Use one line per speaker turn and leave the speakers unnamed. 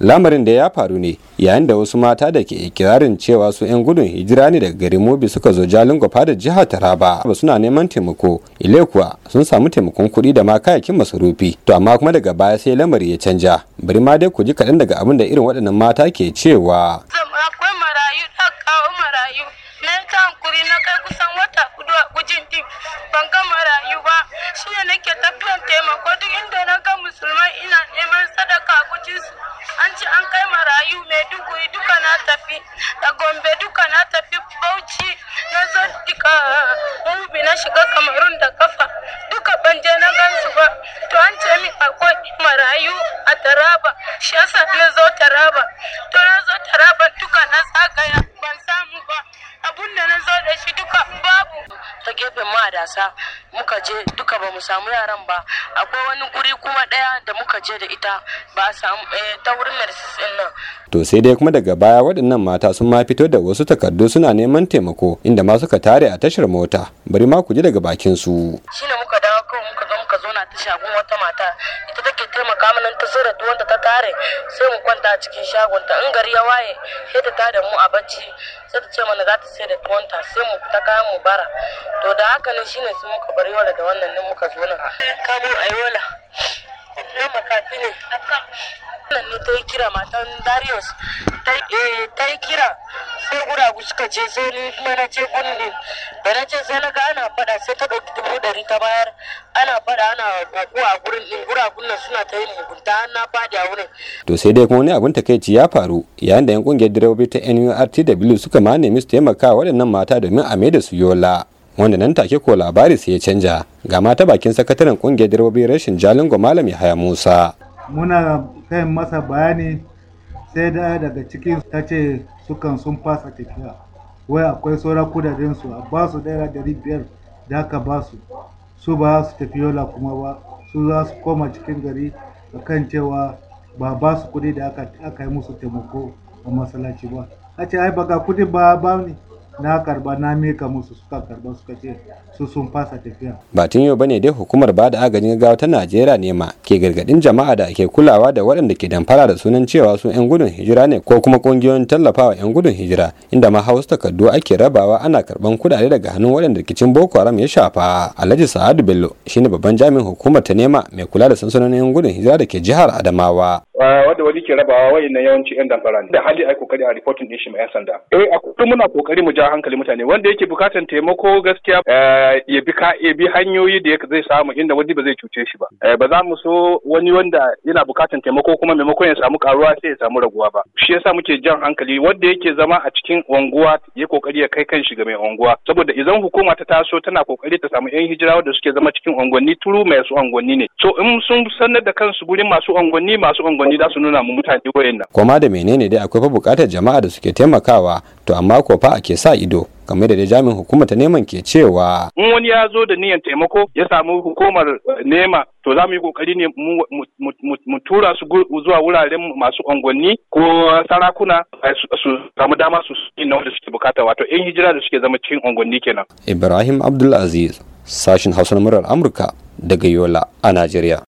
lamarin da ya faru ne yayin da wasu mata da ke ikirarin cewa su 'yan gudun hijira ne daga garin mobi suka zo jalin gwafa da jihar taraba ba suna neman taimako ile kuwa sun samu taimakon kuɗi da ma kayakin masarufi to amma kuma daga baya sai lamari ya canja bari ma dai ku ji kaɗan daga abin da irin waɗannan mata ke cewa
akwai marayu na ci na zaddika mubi na shiga kamarun da kafa duka ban je na gansu ba to an ce min akwai marayu a taraba shi yasa na zo taraba to na zo taraba duka na tsagaya ban samu ba abun
da na zo da shi duka babu ta gefen dasa muka je duka ba mu samu yaran ba akwai wani guri kuma daya da muka je da ita ba a samu eh, ta wurin nurses din
nan to sai dai kuma daga baya waɗannan mata sun ma fito da wasu takardu suna neman taimako inda ma suka tare a tashar mota bari ma ku ji daga bakin su
shine muka dawo kawai muka zo muka zo na ta shagon wata mata ita take taimaka mana ta zura tuwon ta tare sai mu kwanta a cikin shagon ta in gari ya waye sai ta tada mu a bacci sai ta ce mana za ta sai da tuwanta sai mu fita kayan mu bara to da haka ne shine sun muka bari da wannan nan muka zo nan kabo ayola na makafi ne nan ne ta yi kira matan darius ta yi eh, kira sai guragu suka ce sai ni kuma na ce gundi da na ce sai na ga ana fada sai ta ɗauki dubu ɗari ta bayar ana
faɗa, ana faɗo a gurin ɗin guragun nan suna ta yin mugunta an na faɗi a wurin. to sai dai kuma wani abin takaici ya faru yayin da yan kungiyar direbobi ta nurtw suka ma nemi su taimaka waɗannan mata domin a maida su yola. wanda nan take ko labari sai ya canja ga mata bakin sakataren kungiyar direbobi rashin jalingo malam Yahaya musa
muna kai masa bayani sai da daga cikin ta ce sukan sun fasa tafiya wai akwai saura kudaden su a ba su naira dari biyar da aka ba su su ba su tafi yola kuma ba su za su koma cikin gari akan cewa ba ba su kudi da aka yi musu taimako a masallaci ba a ce ai baka kudi ba ba ne na karba na mika musu suka karba suka ce su sun fasa tafiya
ba tun yau bane dai hukumar ba da agajin gaggawa ta Najeriya ne ma ke gargadin jama'a da ke kulawa da waɗanda ke damfara da sunan cewa su yan gudun hijira ne ko kuma kungiyoyin tallafawa yan gudun hijira inda ma hausa takardu ake rabawa ana karban kudade daga hannun waɗanda rikicin Boko Haram ya shafa Alhaji Sa'adu Bello shine babban jami'in hukumar ta nema mai kula da sansanonin yan gudun hijira da ke jihar Adamawa
Ah, wanda wani ke rabawa wayannan yawanci yan damfara ne da hali ai kokari a reporting din shi ma yan sanda eh a kullum muna kokari mu ja hankali mutane wanda yake bukatan taimako gaskiya eh, ya bi ka ya bi hanyoyi da zai samu inda wani ba zai cuce shi ba eh, ba za mu so wani wanda yana bukatan taimako kuma maimakon ya samu karuwa sai ya samu raguwa ba shi yasa muke jan hankali wanda yake zama a cikin unguwa ya kokari ya kai kan shiga ga mai unguwa saboda idan hukuma ta taso tana kokari ta samu yan hijira wanda suke zama cikin unguwanni turu mai su unguwanni ne so in sun sanar da kansu gurin masu unguwanni masu unguwanni amfani za su nuna mu mutane wayan nan.
koma da menene dai akwai fa bukatar jama'a da suke taimakawa to amma ko fa ake sa ido kamar da jami'in hukumar ta neman ke cewa
in wani ya zo da niyan taimako ya samu hukumar eh, nema to za mu yi kokari ne mu tura su zuwa wuraren masu unguwanni ko sarakuna eh, su samu dama su yi na wanda suke bukata wato yan hijira da suke zama cikin unguwanni kenan
ibrahim abdulaziz sashin hausa na murar amurka daga yola a najeriya